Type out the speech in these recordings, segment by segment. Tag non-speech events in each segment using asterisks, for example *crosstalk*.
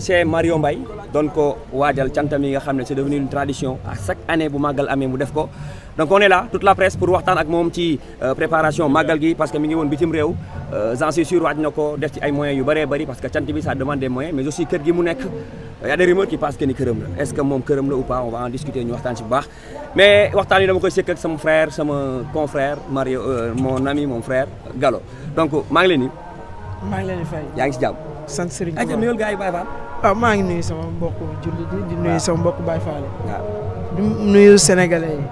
chez Mario Mbaye doon ko waajal cantam yi nga xam ne c'est devenu une tradition à chaque année bu màggal amee mu def ko donc on est là la presse pour waxtaan ak moom ci euh, préparation màggal gi parce que mi ngi woon bitim réew euh, j'en suis sûr waaj na ko def ci ay moyens yu bëree bëri parce que cant bi demande des mais aussi kër gi mu nekk y a des rumeurs qui que ni këram la est ce que moom këram la ou pas on va en discuter ñu waxtaan ci baax mais waxtaan maa ngi leen di fay. yaa ngi si jàmm. sant Serigne Touba ayca nuyul yi Baye Fall. Ah, maa ngi nuyu sama mbokk jullit di nuyu sama mbokk Baye Fall. waaw di nuyu sénégalais yi.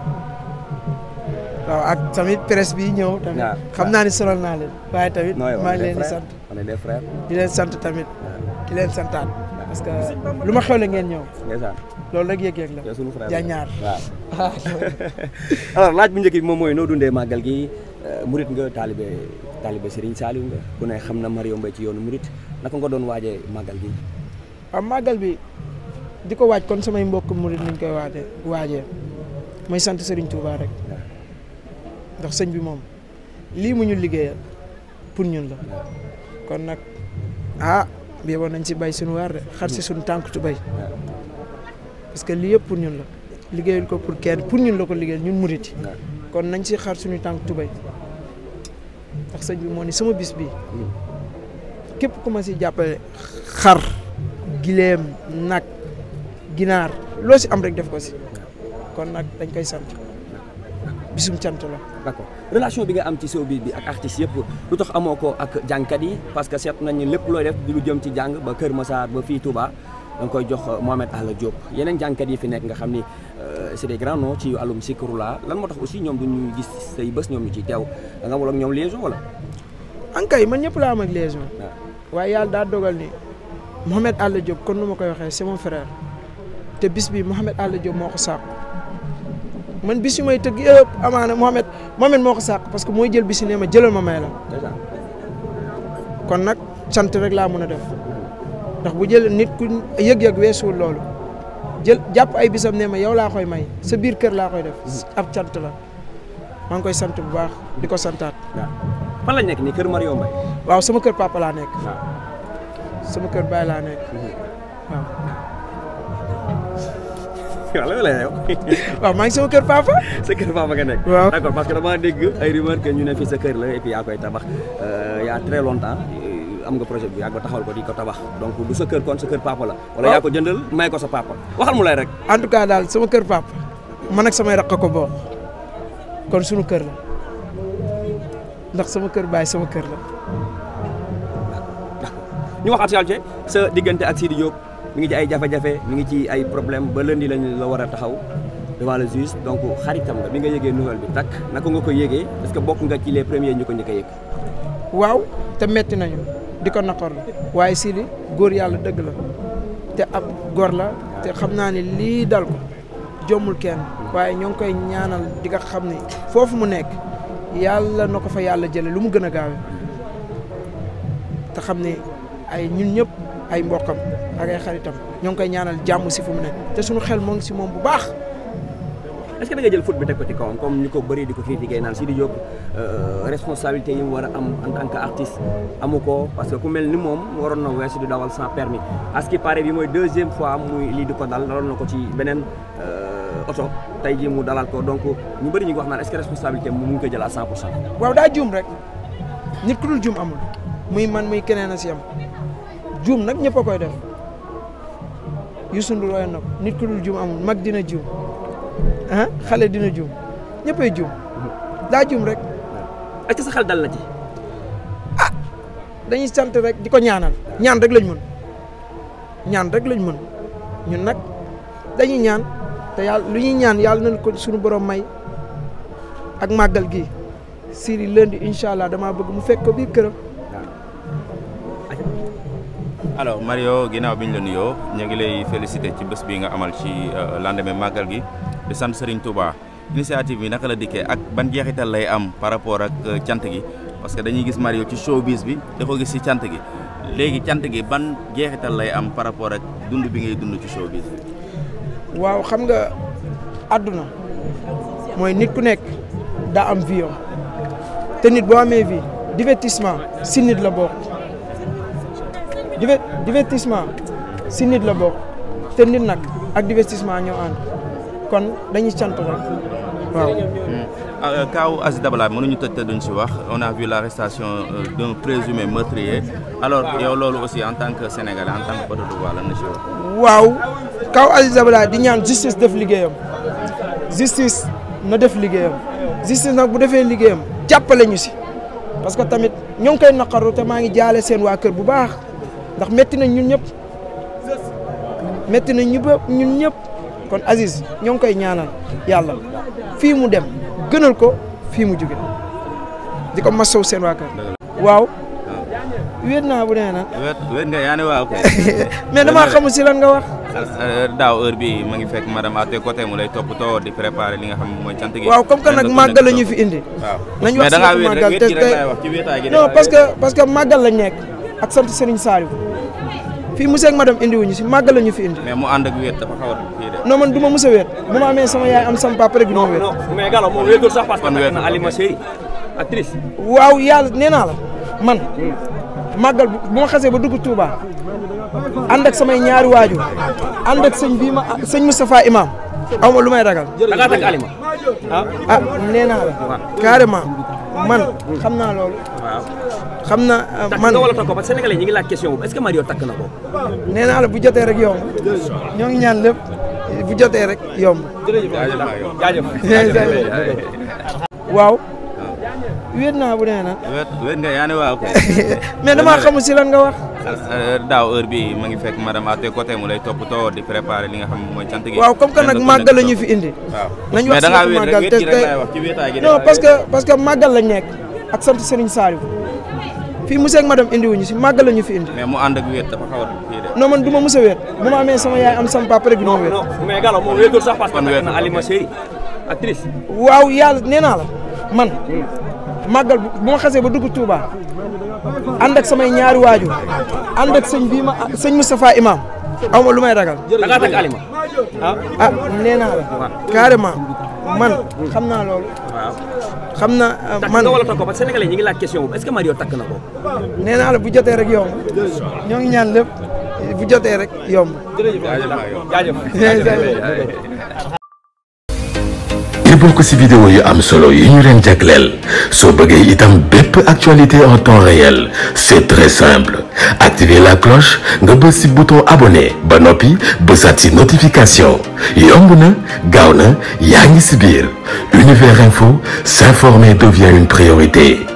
tamit presse bi ñëw. tamit xam naa ne solo naa leen. waaye tamit maa ngi leen di sant on est des sant tamit di leen santaat. parce que lu ma xewle ngeen ñëw. loolu rek yëg-yëg la. ja ñaar waaw. *laughs* *laughs* laaj bu njëkk moom mooy noo dundee màggal gi. Euh, murit nga taalibe taalibe Serigne Saliou nga ku ne xam na Mario Mbaye ci yoonu murit naka nga doon waajee màggal gi. waaw ah, màggal bi di ko waaj kon samay mbokk murit nañ koy waaje waaje mooy sant Serigne Touba rek ah. ndax sëñ bi moom lii mu ñu liggéeyal pour ñun la ah. kon nag ah bi woon nañ si bay suñu waar de xar si suñu tànk tubéy parce que lii yëpp pour ñun la liggéeyul ko pour kenn pour ñun la ko liggéeyal ñun murit kon nañ si xar suñu tànk tubéy ndax sëñ bi moo ni sama bis bi hmm. képp ku ma si jàppale xar gileem nag ginaar loo si am rek def ko si kon nag dañ koy sant bisum cant la. d'accord relation bi nga am ci showbiz bi ak artistes yëpp lu tax amoo ko ak jàngkat yi parce que seet nañ ni lépp looy def di lu jëm ci jàng ba Kër Massar ba fii tubaa da nga koy jox Mohamed Alla Diop yeneen jàngkat yi fi nekk nga xam ni euh, Euh, c'est des grands noms ci àllum sikarula lan moo tax aussi ñoom du ñu gis say bës ñoom ñu ciy teew danga nga wala ak ñoom liaison wala. ankay man ñëpp laa am ak liaison. Ah. waaye yàlla daa dogal ni Mouhamed Alla Diop kon nu ma koy waxee c'est mon te bis bi Mouhamed Alla Diop moo ko sàq man bis yu may tëgg yëpp amaana Mouhamed Mouhamed moo ko sàq parce que mooy jël bis ma jëlal ma may nag sant rek laa mën a def ndax bu jël nit ku yëg-yëg weesuwul loolu. jël jàpp ay bisam ne ma yow laa koy may sa biir kër laa koy def. ab cant la maa ngi koy sant bu baax di ko santaat. waaw fan nekk nii kër Mario Mbaye. waaw sama kër papa laa nekk. sama kër baay laa nekk. Mhm. waaw. waaw lan la kër papa. sa kër papa nga nekk. waaw d'accord parce que dama dégg ay rumeur que ñu ne fii sa kër la et yaa koy tabax euh, y a très am nga projet bu yàgg ba taxawal ko di ko tabax donc du sa kër kon sa kër papa la. wala yaa ko jëndal may ko sa papa waxal mu lay rek. en tout cas daal sama kër papa man ak samay rakk ko bokk kon suñu kër la ndax sama kër baay sama kër la. ñu wax actualité sa diggante ak Sidi Diop mu ngi ci ay jafe-jafe mi ngi ci ay problème ba lundi lañ la war a taxaw devant la juge donc xaritam la bi nga yëgee nouvelle bi takk nag nga ko yëgee est que bokk nga ci les premiers ñu ko njëkk a yëg waaw di ko naqarlu waaye Sidy góor yàlla dëgg la te ab góor la te xam naa ni lii dal ko jommul kenn waaye ñoo ngi koy ñaanal di nga xam ni foofu mu nekk yàlla na ko fa yàlla jële lu mu gën a gaawe te xam ni ay ñun ñëpp ay mboqam ak ay xaritam ñoo ngi koy ñaanal jàmm si fu mu nekk te suñu xel moo ngi si moom bu baax est ce que da nga jël foot bi teg ko ci kawam comme ñu ko bëri di ko critiqué naan Sidi Diop euh, responsabilité yi mu war am en tant amu ko parce que ku mel ni moom waroon na weesu di dawal sans permis à ce qui paraît bi mooy deuxième fois muy lii di ko dal daloon na ko ci beneen euh, oto tey jii mu dalal ko donc ñu bari ñu wax naan est ce que responsabilité mu ngi koy jël à 100 pour cent. waaw daa juum rek nit ku dul juum amul muy man muy keneen a si am juum nag ñëpp a def Youssou Ndour woyoon na ko mag dina juum. ah xale dina juum ñëppay juum daa juum rek. ak sa xel dal na ci. ah dañuy sant rek di ko ñaanal ñaan rek lañ mën ñaan lañ mën ñun nag dañuy ñaan te yàlla lu ñuy ñaan yàlla nañ ko suñu borom may ak màggal gi Siri lundi incha allah damaa bëgg mu fekk ko biir këram. alors Mario ginnaaw bi ñu la nuyoo ñu ngi lay félicité ci bés bii nga amal ci euh, lendemain màggal gi. di sant Serigne Touba initiative bi naka la dikkee ak ban jeexital lay am par rapport ak euh, cant gi parce que dañuy gis Mario ci showbiz bi da ko gis ci cant gi léegi cant gi ban jeexital lay am par rapport ak dund bi ngay dund ci showbiz bi. waaw xam nga àdduna mooy nit ku nekk daa am vion te nit boo amee vie divertissement si nit la bokk divertissement si nit la bokk te nit nag ak divertissement ñoo ànd. kon dañuy sant rek waaw. Mm. Euh, Kaaw Aziz Dabala mënuñu tëj te duñ ci wax on a vu l'arrestation euh, d'un présumé meurtrier alors yow loolu aussi en tant que sénégalais en tant que Patte d'Oie lan la waaw Kaaw Aziz Dabala di ñaan justice def liggéeyam justice na def liggéeyam justice nag bu defee liggéeyam jàppale ñu si parce que tamit ñoo ngi koy naqaru te maa ngi jaale seen waa kër bu baax ndax métti nañ ñun ñëpp métti nañ ñu ñun ñëpp. kon Aziz ñoo ngi koy ñaanal yàlla fii mu dem gënal ko fii mu jóge di ko masaw seen waa kër waaw wéet naa bu nee na wéet nga yaa ne waaw kay *laughs* mais damaa xamul si lan nga wax euh, daaw heure bi ma ngi fekk madame à tes côtés mu lay toppatoo di préparer li nga xam mooy cant gi waaw comme que nag màggal la ñu fi indi nañ wax màggal te non parce que parce que màggal lañ nekk ak sant Serigne fii monsieur ak madame indi wuñu si màggal ñu fi indi. mais mu ànd ak a kii de. ma mos a wéet bu ma amee sama yaay am sama papa rek du ma waaw yàlla nee naa man màggal bu ma xasee ba dugg tuubaa ànd ak samay ñaari waajur ànd ak sëñ bii ma sëñ Moustapha Imam aw ma lu may ragal. da ngaa takk Alima ah. man xam naa loolu. waaw xam na ah, man takk nga wala takk ko parce que ñu ngi laaj question boobu est que Mario takk na ko. nee naa la bu jotee rek yomb. ñoo ngi ñaan lépp bu jotee rek yomb. jaajëf *laughs* waaw. wéet na. wéet wéet nga yaa ne waaw *laughs* Euh, daaw heure bi ma ngi fekk madame à tes côtés mu lay toppatoo di préparer li nga xam mooy cant gi. waaw comme que nag màggal la ñu fi indi. waaw nañu wax ci màggal la ñu fi indi. mais mu ànd ak a kii de. non man du ma a wéet bu ma amee sama yaay am sama papa rek. non non mais gala moom wéetul sax parce que. kon na Alima waaw yàlla nee naa la man. Hmm. màggal bu ma xasee ba dugg Touba ànd ak samay ñaari waajur ànd ak sëñ bii ma sëñ Moustapha Imam aw ma lu may ragal. da ngaa takk alima ah, ah, nee naa la. carrément man xam naa loolu. xam na ah, man takk nga wala takk ñu ngi laaj question boobu est-ce que takk na ko. nee naa la bu jotee rek yomb ñoo ngi ñaan bu jotee rek yomb. jërëjëf jaajëf bokk si vidéo yu am solo yi ñu leen jagleel soo bëggee itam bépp actualité en temps réel c'est très simple activer la cloche nga bës ci bouton abonné ba noppi bësaat ci notification yomb na gaaw na yaa ngi ci biir Univers Info s'informer devient une priorité